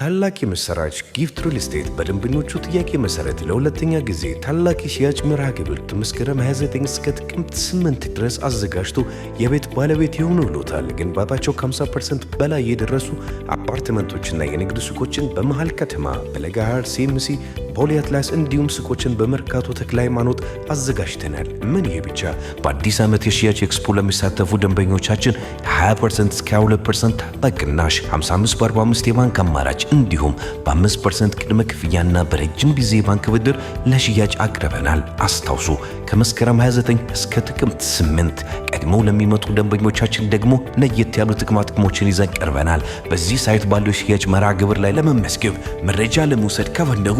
ታላቅ የምሥራች! ጊፍት ሪል ስቴት በደንበኞቹ ጥያቄ መሰረት ለሁለተኛ ጊዜ ታላቅ የሽያጭ መርሃ ግብር መስከረም 29 እስከ ጥቅምት 8 ድረስ አዘጋጅቶ የቤት ባለቤት የሆኑ ብሎታል። ግንባታቸው ከ50% በላይ የደረሱ አፓርትመንቶችና የንግድ ሱቆችን በመሃል ከተማ በለጋሃር ሲምሲ በፖሊ አትላስ እንዲሁም ሱቆችን በመርካቶ ተክለ ሃይማኖት አዘጋጅተናል። ምን ይሄ ብቻ! በአዲስ ዓመት የሽያጭ ኤክስፖ ለሚሳተፉ ደንበኞቻችን 20 እስከ 22 ፐርሰንት በቅናሽ 55 በ45 የባንክ አማራጭ እንዲሁም በ5 ቅድመ ክፍያና በረጅም ጊዜ የባንክ ብድር ለሽያጭ አቅርበናል። አስታውሱ ከመስከረም 29 እስከ ጥቅምት 8 ቀድሞ ለሚመጡ ደንበኞቻችን ደግሞ ለየት ያሉ ጥቅማ ጥቅሞችን ይዘን ቀርበናል። በዚህ ሳይት ባለው የሽያጭ መርሃ ግብር ላይ ለመመስገብ መረጃ ለመውሰድ ከፈለጉ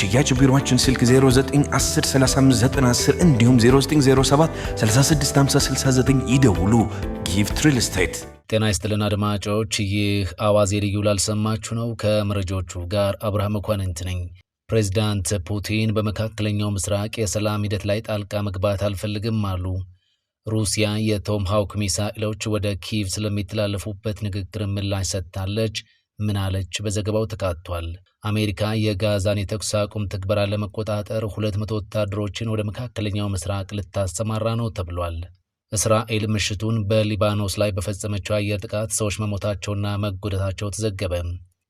የሽያጭ ቢሮችን ስልክ 09103510 እንዲሁም 0907365069 ይደውሉ። ጊፍት ሪል ስቴት። ጤና ይስጥልን አድማጮች፣ ይህ አዋዜ ልዩ ላልሰማችሁ ነው። ከመረጃዎቹ ጋር አብርሃም መኳንንት ነኝ። ፕሬዚዳንት ፑቲን በመካከለኛው ምስራቅ የሰላም ሂደት ላይ ጣልቃ መግባት አልፈልግም አሉ። ሩሲያ የቶም ሃውክ ሚሳኤሎች ወደ ኪቭ ስለሚተላለፉበት ንግግር ምላሽ ሰጥታለች። ምን አለች? በዘገባው ተካቷል። አሜሪካ የጋዛን የተኩስ አቁም ትግበራ ለመቆጣጠር 200 ወታደሮችን ወደ መካከለኛው ምስራቅ ልታሰማራ ነው ተብሏል። እስራኤል ምሽቱን በሊባኖስ ላይ በፈጸመችው አየር ጥቃት ሰዎች መሞታቸውና መጎዳታቸው ተዘገበ።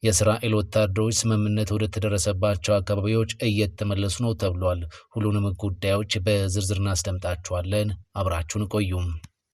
የእስራኤል ወታደሮች ስምምነት ወደ ተደረሰባቸው አካባቢዎች እየተመለሱ ነው ተብሏል። ሁሉንም ጉዳዮች በዝርዝር እናስደምጣችኋለን። አብራችሁን ቆዩም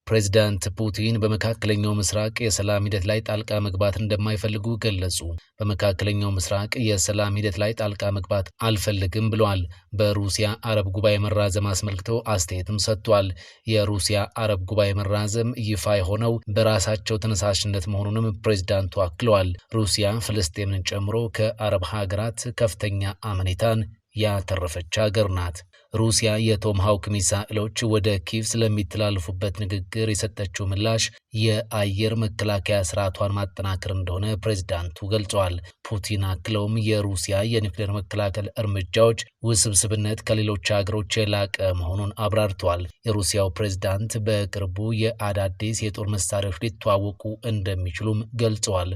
ፕሬዚዳንት ፑቲን በመካከለኛው ምስራቅ የሰላም ሂደት ላይ ጣልቃ መግባት እንደማይፈልጉ ገለጹ። በመካከለኛው ምስራቅ የሰላም ሂደት ላይ ጣልቃ መግባት አልፈልግም ብለዋል። በሩሲያ አረብ ጉባኤ መራዘም አስመልክተው አስተያየትም ሰጥቷል። የሩሲያ አረብ ጉባኤ መራዘም ይፋ የሆነው በራሳቸው ተነሳሽነት መሆኑንም ፕሬዚዳንቱ አክለዋል። ሩሲያ ፍልስጤምን ጨምሮ ከአረብ ሀገራት ከፍተኛ አመኔታን ያተረፈች ሀገር ናት። ሩሲያ የቶም ሃውክ ሚሳኤሎች ወደ ኪቭ ስለሚተላለፉበት ንግግር የሰጠችው ምላሽ የአየር መከላከያ ስርዓቷን ማጠናከር እንደሆነ ፕሬዚዳንቱ ገልጸዋል። ፑቲን አክለውም የሩሲያ የኒውክሌር መከላከል እርምጃዎች ውስብስብነት ከሌሎች ሀገሮች የላቀ መሆኑን አብራርተዋል። የሩሲያው ፕሬዚዳንት በቅርቡ የአዳዲስ የጦር መሳሪያዎች ሊተዋወቁ እንደሚችሉም ገልጸዋል።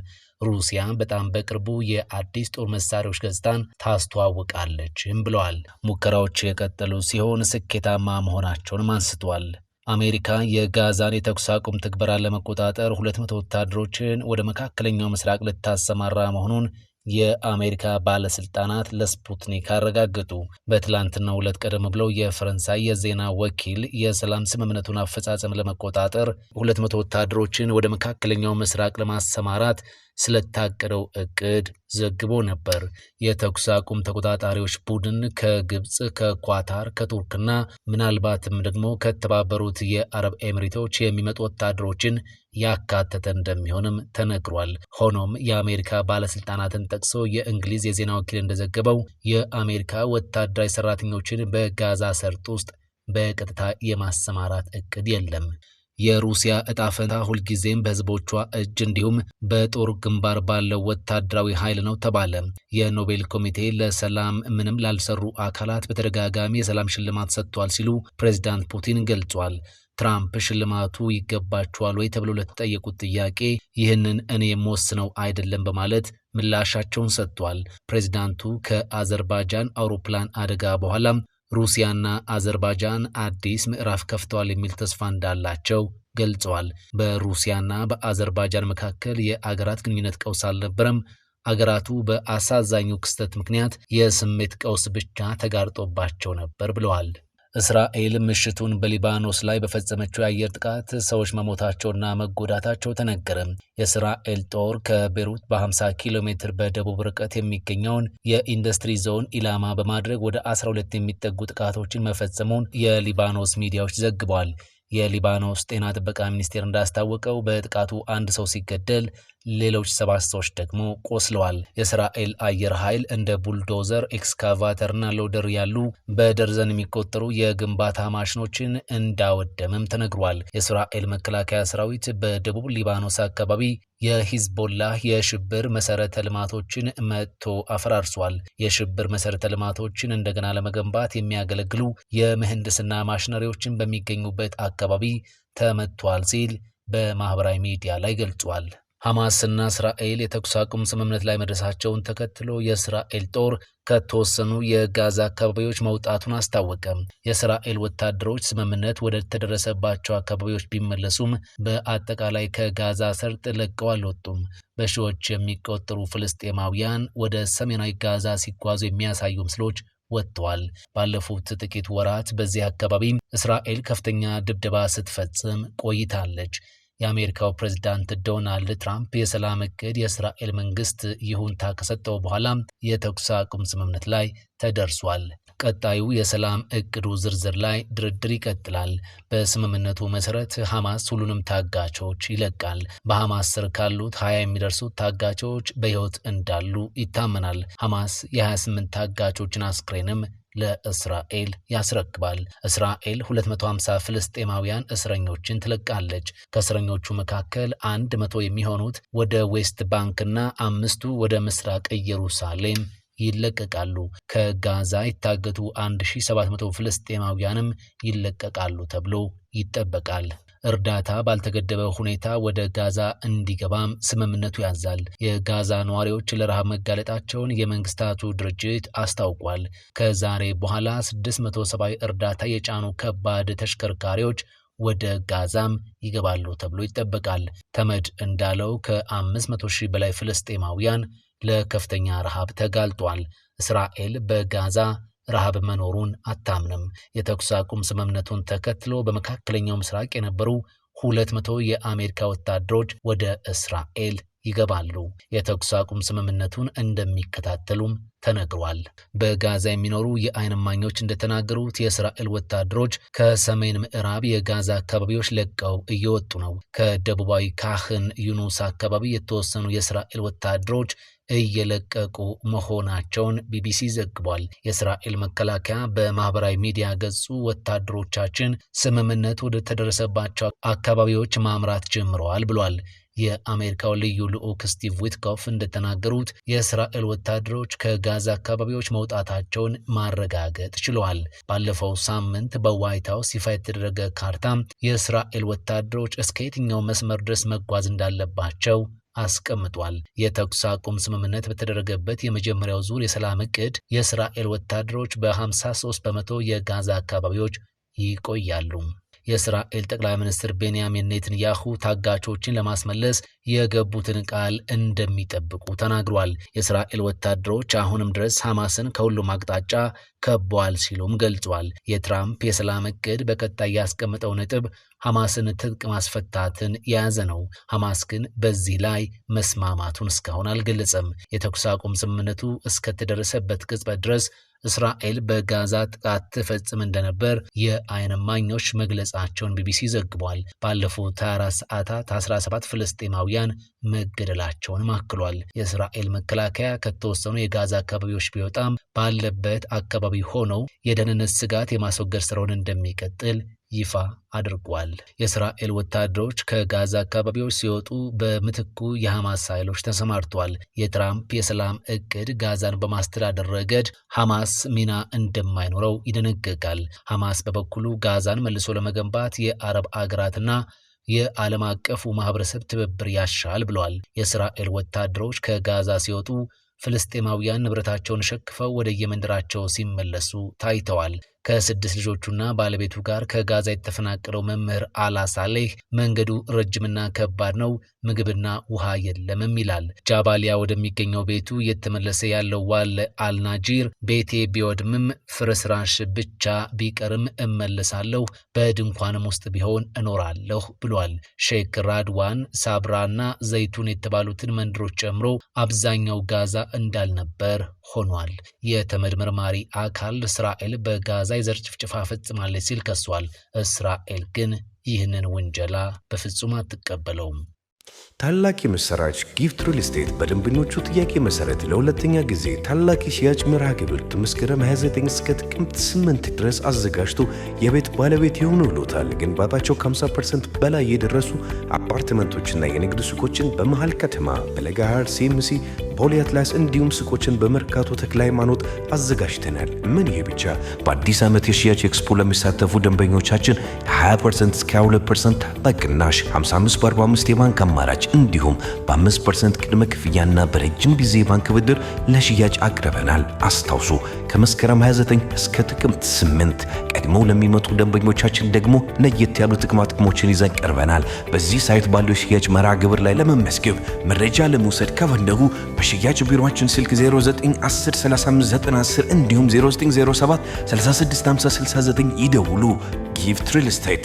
ሩሲያ በጣም በቅርቡ የአዲስ ጦር መሳሪያዎች ገጽታን ታስተዋውቃለችም ብለዋል። ሙከራዎች የቀጠሉ ሲሆን ስኬታማ መሆናቸውንም አንስቷል። አሜሪካ የጋዛን የተኩስ አቁም ትግበራን ለመቆጣጠር 200 ወታደሮችን ወደ መካከለኛው ምስራቅ ልታሰማራ መሆኑን የአሜሪካ ባለስልጣናት ለስፑትኒክ አረጋገጡ። በትላንትናው ዕለት ቀደም ብለው የፈረንሳይ የዜና ወኪል የሰላም ስምምነቱን አፈጻጸም ለመቆጣጠር 200 ወታደሮችን ወደ መካከለኛው ምስራቅ ለማሰማራት ስለታቀደው እቅድ ዘግቦ ነበር። የተኩስ አቁም ተቆጣጣሪዎች ቡድን ከግብፅ፣ ከኳታር፣ ከቱርክና ምናልባትም ደግሞ ከተባበሩት የአረብ ኤምሬቶች የሚመጡ ወታደሮችን ያካተተ እንደሚሆንም ተነግሯል። ሆኖም የአሜሪካ ባለስልጣናትን ጠቅሶ የእንግሊዝ የዜና ወኪል እንደዘገበው የአሜሪካ ወታደራዊ ሰራተኞችን በጋዛ ሰርጥ ውስጥ በቀጥታ የማሰማራት እቅድ የለም። የሩሲያ እጣ ፈንታ ሁልጊዜም በህዝቦቿ እጅ እንዲሁም በጦር ግንባር ባለው ወታደራዊ ኃይል ነው ተባለ። የኖቤል ኮሚቴ ለሰላም ምንም ላልሰሩ አካላት በተደጋጋሚ የሰላም ሽልማት ሰጥቷል ሲሉ ፕሬዚዳንት ፑቲን ገልጿል። ትራምፕ ሽልማቱ ይገባቸዋል ወይ ተብሎ ለተጠየቁት ጥያቄ ይህንን እኔ የምወስነው አይደለም በማለት ምላሻቸውን ሰጥቷል። ፕሬዚዳንቱ ከአዘርባይጃን አውሮፕላን አደጋ በኋላም ሩሲያና አዘርባጃን አዲስ ምዕራፍ ከፍተዋል የሚል ተስፋ እንዳላቸው ገልጸዋል። በሩሲያና በአዘርባጃን መካከል የአገራት ግንኙነት ቀውስ አልነበረም። አገራቱ በአሳዛኙ ክስተት ምክንያት የስሜት ቀውስ ብቻ ተጋርጦባቸው ነበር ብለዋል። እስራኤል ምሽቱን በሊባኖስ ላይ በፈጸመችው የአየር ጥቃት ሰዎች መሞታቸውና መጎዳታቸው ተነገረ። የእስራኤል ጦር ከቤሩት በ50 ኪሎ ሜትር በደቡብ ርቀት የሚገኘውን የኢንዱስትሪ ዞን ኢላማ በማድረግ ወደ 12 የሚጠጉ ጥቃቶችን መፈጸሙን የሊባኖስ ሚዲያዎች ዘግበዋል። የሊባኖስ ጤና ጥበቃ ሚኒስቴር እንዳስታወቀው በጥቃቱ አንድ ሰው ሲገደል ሌሎች ሰባት ሰዎች ደግሞ ቆስለዋል። የእስራኤል አየር ኃይል እንደ ቡልዶዘር፣ ኤክስካቫተርና ሎደር ያሉ በደርዘን የሚቆጠሩ የግንባታ ማሽኖችን እንዳወደመም ተነግሯል። የእስራኤል መከላከያ ሰራዊት በደቡብ ሊባኖስ አካባቢ የሂዝቦላህ የሽብር መሰረተ ልማቶችን መጥቶ አፈራርሷል። የሽብር መሰረተ ልማቶችን እንደገና ለመገንባት የሚያገለግሉ የምህንድስና ማሽነሪዎችን በሚገኙበት አካባቢ ተመቷል ሲል በማህበራዊ ሚዲያ ላይ ገልጿል። ሐማስና እስራኤል የተኩስ አቁም ስምምነት ላይ መድረሳቸውን ተከትሎ የእስራኤል ጦር ከተወሰኑ የጋዛ አካባቢዎች መውጣቱን አስታወቀም። የእስራኤል ወታደሮች ስምምነት ወደ ተደረሰባቸው አካባቢዎች ቢመለሱም በአጠቃላይ ከጋዛ ሰርጥ ለቀው አልወጡም። በሺዎች የሚቆጠሩ ፍልስጤማውያን ወደ ሰሜናዊ ጋዛ ሲጓዙ የሚያሳዩ ምስሎች ወጥተዋል። ባለፉት ጥቂት ወራት በዚህ አካባቢ እስራኤል ከፍተኛ ድብደባ ስትፈጽም ቆይታለች። የአሜሪካው ፕሬዝዳንት ዶናልድ ትራምፕ የሰላም እቅድ የእስራኤል መንግስት ይሁንታ ከሰጠው በኋላ የተኩስ አቁም ስምምነት ላይ ተደርሷል። ቀጣዩ የሰላም እቅዱ ዝርዝር ላይ ድርድር ይቀጥላል። በስምምነቱ መሰረት ሐማስ ሁሉንም ታጋቾች ይለቃል። በሐማስ ስር ካሉት ሀያ የሚደርሱት ታጋቾች በሕይወት እንዳሉ ይታመናል። ሐማስ የ28 ታጋቾችን አስክሬንም ለእስራኤል ያስረክባል። እስራኤል 250 ፍልስጤማውያን እስረኞችን ትለቃለች። ከእስረኞቹ መካከል አንድ መቶ የሚሆኑት ወደ ዌስት ባንክና አምስቱ ወደ ምስራቅ ኢየሩሳሌም ይለቀቃሉ። ከጋዛ የታገቱ 1700 ፍልስጤማውያንም ይለቀቃሉ ተብሎ ይጠበቃል። እርዳታ ባልተገደበ ሁኔታ ወደ ጋዛ እንዲገባም ስምምነቱ ያዛል። የጋዛ ነዋሪዎች ለረሃብ መጋለጣቸውን የመንግስታቱ ድርጅት አስታውቋል። ከዛሬ በኋላ 600 ሰብአዊ እርዳታ የጫኑ ከባድ ተሽከርካሪዎች ወደ ጋዛም ይገባሉ ተብሎ ይጠበቃል። ተመድ እንዳለው ከ500 ሺህ በላይ ፍልስጤማውያን ለከፍተኛ ረሃብ ተጋልጧል። እስራኤል በጋዛ ረሃብ መኖሩን አታምንም። የተኩስ አቁም ስምምነቱን ተከትሎ በመካከለኛው ምስራቅ የነበሩ ሁለት መቶ የአሜሪካ ወታደሮች ወደ እስራኤል ይገባሉ። የተኩስ አቁም ስምምነቱን እንደሚከታተሉም ተነግሯል። በጋዛ የሚኖሩ የዓይን እማኞች እንደተናገሩት የእስራኤል ወታደሮች ከሰሜን ምዕራብ የጋዛ አካባቢዎች ለቀው እየወጡ ነው። ከደቡባዊ ካህን ዩኑስ አካባቢ የተወሰኑ የእስራኤል ወታደሮች እየለቀቁ መሆናቸውን ቢቢሲ ዘግቧል። የእስራኤል መከላከያ በማህበራዊ ሚዲያ ገጹ ወታደሮቻችን ስምምነት ወደ ተደረሰባቸው አካባቢዎች ማምራት ጀምረዋል ብሏል። የአሜሪካው ልዩ ልዑክ ስቲቭ ዊትኮፍ እንደተናገሩት የእስራኤል ወታደሮች ከጋዛ አካባቢዎች መውጣታቸውን ማረጋገጥ ችለዋል። ባለፈው ሳምንት በዋይት ሀውስ ይፋ የተደረገ ካርታ የእስራኤል ወታደሮች እስከ የትኛው መስመር ድረስ መጓዝ እንዳለባቸው አስቀምጧል። የተኩስ አቁም ስምምነት በተደረገበት የመጀመሪያው ዙር የሰላም እቅድ የእስራኤል ወታደሮች በ53 በመቶ የጋዛ አካባቢዎች ይቆያሉ። የእስራኤል ጠቅላይ ሚኒስትር ቤንያሚን ኔትንያሁ ታጋቾችን ለማስመለስ የገቡትን ቃል እንደሚጠብቁ ተናግሯል። የእስራኤል ወታደሮች አሁንም ድረስ ሐማስን ከሁሉም አቅጣጫ ከበዋል ሲሉም ገልጿል። የትራምፕ የሰላም እቅድ በቀጣይ ያስቀመጠው ነጥብ ሐማስን ትጥቅ ማስፈታትን የያዘ ነው። ሐማስ ግን በዚህ ላይ መስማማቱን እስካሁን አልገለጸም። የተኩስ አቁም ስምምነቱ እስከተደረሰበት ቅጽበት ድረስ እስራኤል በጋዛ ጥቃት ትፈጽም እንደነበር የዓይን እማኞች መግለጻቸውን ቢቢሲ ዘግቧል። ባለፉት 24 ሰዓታት 17 ፍልስጤማውያን መገደላቸውንም አክሏል። የእስራኤል መከላከያ ከተወሰኑ የጋዛ አካባቢዎች ቢወጣም ባለበት አካባቢ ሆነው የደህንነት ስጋት የማስወገድ ስራውን እንደሚቀጥል ይፋ አድርጓል። የእስራኤል ወታደሮች ከጋዛ አካባቢዎች ሲወጡ በምትኩ የሐማስ ኃይሎች ተሰማርቷል። የትራምፕ የሰላም እቅድ ጋዛን በማስተዳደር ረገድ ሐማስ ሚና እንደማይኖረው ይደነግጋል። ሐማስ በበኩሉ ጋዛን መልሶ ለመገንባት የአረብ አገራትና የዓለም አቀፉ ማህበረሰብ ትብብር ያሻል ብሏል። የእስራኤል ወታደሮች ከጋዛ ሲወጡ ፍልስጤማውያን ንብረታቸውን ሸክፈው ወደ የመንደራቸው ሲመለሱ ታይተዋል። ከስድስት ልጆቹና ባለቤቱ ጋር ከጋዛ የተፈናቀለው መምህር አላሳሌህ መንገዱ ረጅምና ከባድ ነው፣ ምግብና ውሃ የለምም ይላል። ጃባሊያ ወደሚገኘው ቤቱ እየተመለሰ ያለው ዋለ አልናጂር ቤቴ ቢወድምም ፍርስራሽ ብቻ ቢቀርም እመለሳለሁ፣ በድንኳንም ውስጥ ቢሆን እኖራለሁ ብሏል። ሼክ ራድዋን ሳብራና ዘይቱን የተባሉትን መንደሮች ጨምሮ አብዛኛው ጋዛ እንዳልነበር ሆኗል። የተመድ መርማሪ አካል እስራኤል በጋዛ የዘር ጭፍጭፋ ፈጽማለች ሲል ከሷል። እስራኤል ግን ይህንን ውንጀላ በፍጹም አትቀበለውም። ታላቅ የምሥራች! ጊፍት ሪል ስቴት በደንበኞቹ ጥያቄ መሰረት ለሁለተኛ ጊዜ ታላቅ የሽያጭ መርሃ ግብር መስከረም 29 እስከ ጥቅምት 8 ድረስ አዘጋጅቶ የቤት ባለቤት የሆኑ ብሎታል። ግንባታቸው ከ50% በላይ የደረሱ አፓርትመንቶችና የንግድ ሱቆችን በመሃል ከተማ በለጋሃር፣ ሲምሲ ቦሌ አትላስ እንዲሁም ሱቆችን በመርካቶ ተክለ ሃይማኖት አዘጋጅተናል። ምን ይሄ ብቻ! በአዲስ ዓመት የሽያጭ ኤክስፖ ለሚሳተፉ ደንበኞቻችን 20% እስከ 22% ታላቅ ቅናሽ፣ 55 በ45 የባንክ አማራጭ ለሽያጭ እንዲሁም በ5 ቅድመ ክፍያና በረጅም ጊዜ ባንክ ብድር ለሽያጭ አቅርበናል። አስታውሱ ከመስከረም 29 እስከ ጥቅምት 8 ቀድመው ለሚመጡ ደንበኞቻችን ደግሞ ለየት ያሉ ጥቅማ ጥቅሞችን ይዘን ቀርበናል። በዚህ ሳይት ባለው የሽያጭ መርሃ ግብር ላይ ለመመስገብ መረጃ ለመውሰድ ከፈለጉ በሽያጭ ቢሮችን ስልክ 09103510 እንዲሁም 0907 365069 ይደውሉ። ጊፍት ሪል ስቴት